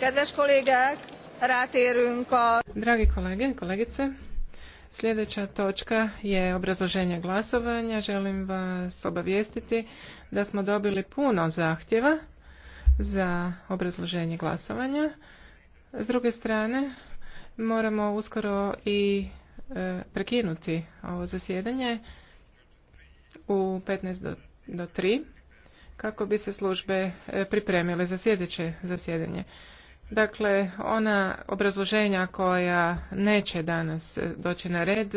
Dragi kolege i kolegice, sljedeća točka je obrazloženje glasovanja. Želim vas obavijestiti da smo dobili puno zahtjeva za obrazloženje glasovanja. S druge strane, moramo uskoro i e, prekinuti ovo zasjedanje u 15 do, tri kako bi se službe e, pripremile za sljedeće zasjedanje. Dakle, ona obrazloženja koja neće danas doći na red,